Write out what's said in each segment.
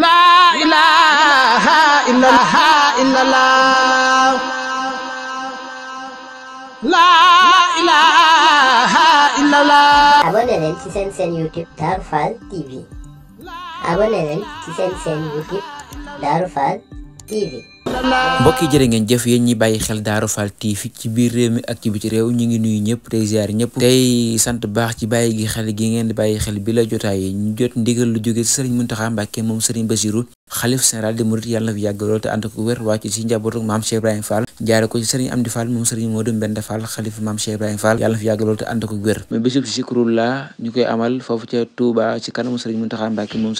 laa ilaaha illallaah laa ilaaha illallaah abonné leen ci seen seen YouTube Darou ci seen seen YouTube Darou Fall TV mbokki yi jërë ngeen jëf yéen ñi bàyyi xel Daaru Fall TV ci biir réew mi ak ci biti réew ñu ngi nuyu ñëpp tey ziar ñëpp tey sant baax ci bàyyi gi xel gi ngeen di bàyyi xel bi la jotaay yi ñu jot ndigal lu jóge Serigne Mountakha Mbacké moom Serigne Bassirou xalif général de Mouride yàlla na fi yàgg lool te ànd ko wér wàcc ci njabootu maam Cheikh Ibrahima Fall jaare ko ci sëriñ Amdi Fall moom sëriñ Modou Mbenda Fall xalif maam Cheikh Ibrahima Fall na fi yàgg lool te ànd ko wér mais bisub Zikrullaa ñu koy amal foofu ca Touba ci kanamu sëriñ Mountakha Mbacké moom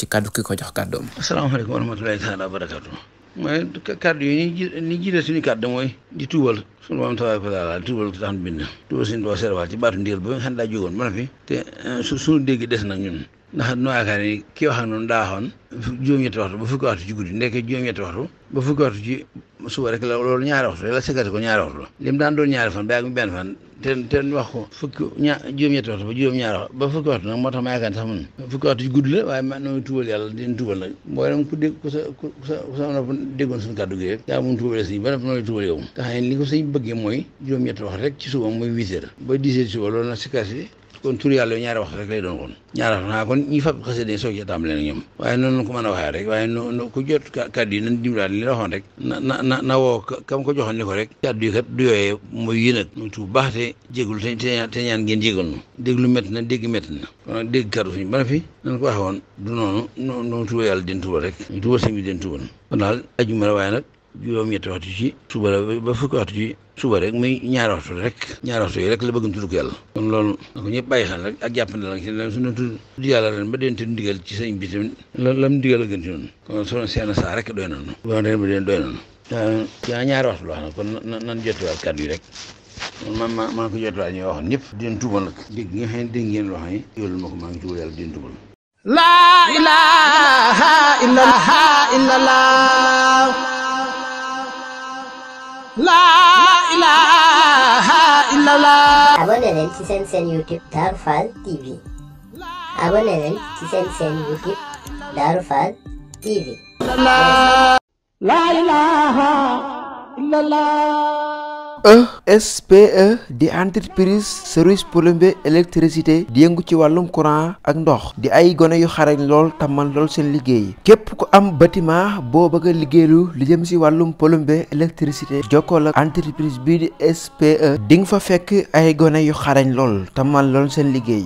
ci kàddu ko jox kàddoom asalaamaaleykum warahmatullahi taala wa barakatuh mooy kàddu yi ni jiite suñu kàddu mooy di tuubal suñu borom tabaaraka wa taala tuubal tax nu bind tuubal suñu doo seerwaal ci baatu ndigal ba nga xam ne daa jógoon ba na fi te eh, su suñu dégg des nag ñun ndax noo yaakaar ni kii wax ak noonu daa waxoon juróom-ñetti waxtu ba fukki ci guddi ndekkee juróom-ñetti waxtu ba fukki waxtu ci suba rek la loolu ñaari waxtu rek la ko ñaari waxtu la lim daan doon ñaari fan ba ak fan ten ten wax ko fukki ña juróom-ñetti waxtu ba juróom-ñaari waxtu ba fukki waxtu nag moo tax ma yaakaar sax man fukki waxtu yu gudd la waaye ma nooy tuubal yàlla dina tuubal nag mboolem ku ku sa ku sa ku rek yaa mun tuubale sëñ ba nopp nooy tuubal yow nga xam ko sëñ bëggee mooy juróom-ñetti waxtu rek ci suba mooy huit ba dix heures ci suba kon tur yàlla ñaari ñaar rek lay doon naa kon ñi fa xasida soog ca tàmbalee nag ñoom waaye noonu la ko mën a waxee rek waaye no ku jot kàddu yi nañ dimbalaa li la waxoon rek na na na na woo kam ko joxoon ni ko rek kàddu yi kat du yooyee mooy yi nag ñu tuub baax te jégalu te te ñaan ngeen jégal nu déglu métti na dégg métti na kon nag dégg kàddu suñu bana fi nañ ko waxee woon du noonu noonu tuba yàlla den tuba rek ñu tuba sëñ bi den tuban kon daal ajuma la waaye nag juróom-ñetti waxtu ci suba la ba fukki waxtu ci suba rek muy ñaari waxtu rek ñaari waxtu yi rek la bëgg tudd yàlla kon loolu na ko ñëpp bàyyi ak jàppandal ak si ne suñu tudd yàlla ren ba dente ndigal ci sëñ bi la lam digal a noonu kon sono seen saa rek doy noonu ba ren ba deen noonu yaa ñaari waxtu la wax kon nan jottuwaat kàddu yi rek man ma maa ko jottuwaat ñoo waxoon ñëpp deen tuubal nag dégg nga xam ne dégg ngeen loo xam ne yoolu ma ko maa ngi tuubal yàlla deen la ilaha illallah. abonné leen ci seen seen ci seen YouTube Darou Fall TV. ESPE e di entreprise service plomberie électricité di yëngu ci wàllum courant ak ndox di ay gone yu xarañ lool tamman lool seen liggéey képp ku am bâtiment boo bëgg liggéeylu li jëm si wàllum plomberie électricité jokkoo ak bii di SPE di nga fa fekk ay gone yu xarañ lool tamman lool seen liggéey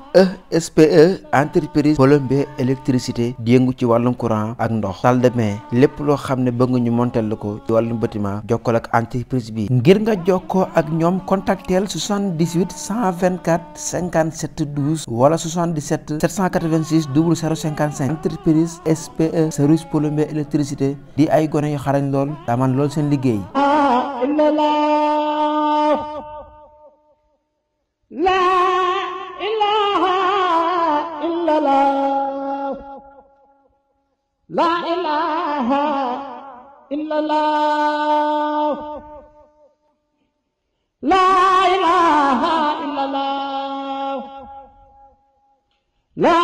ESPE e, entreprise plomberie électricité yëngu ci wàllum courant ak ndox salle lépp loo xam ne bëgg ñu montel la ko ci wàllum bâtiment jokkoo ak entreprise bi ngir nga jokk jokkoo ak ñoom contacteel 78 124 57 12 wala 77 786 00 55 entreprise SPE service plomberie électricité di ay gone yu xarañ lool taman lool seen liggéey. La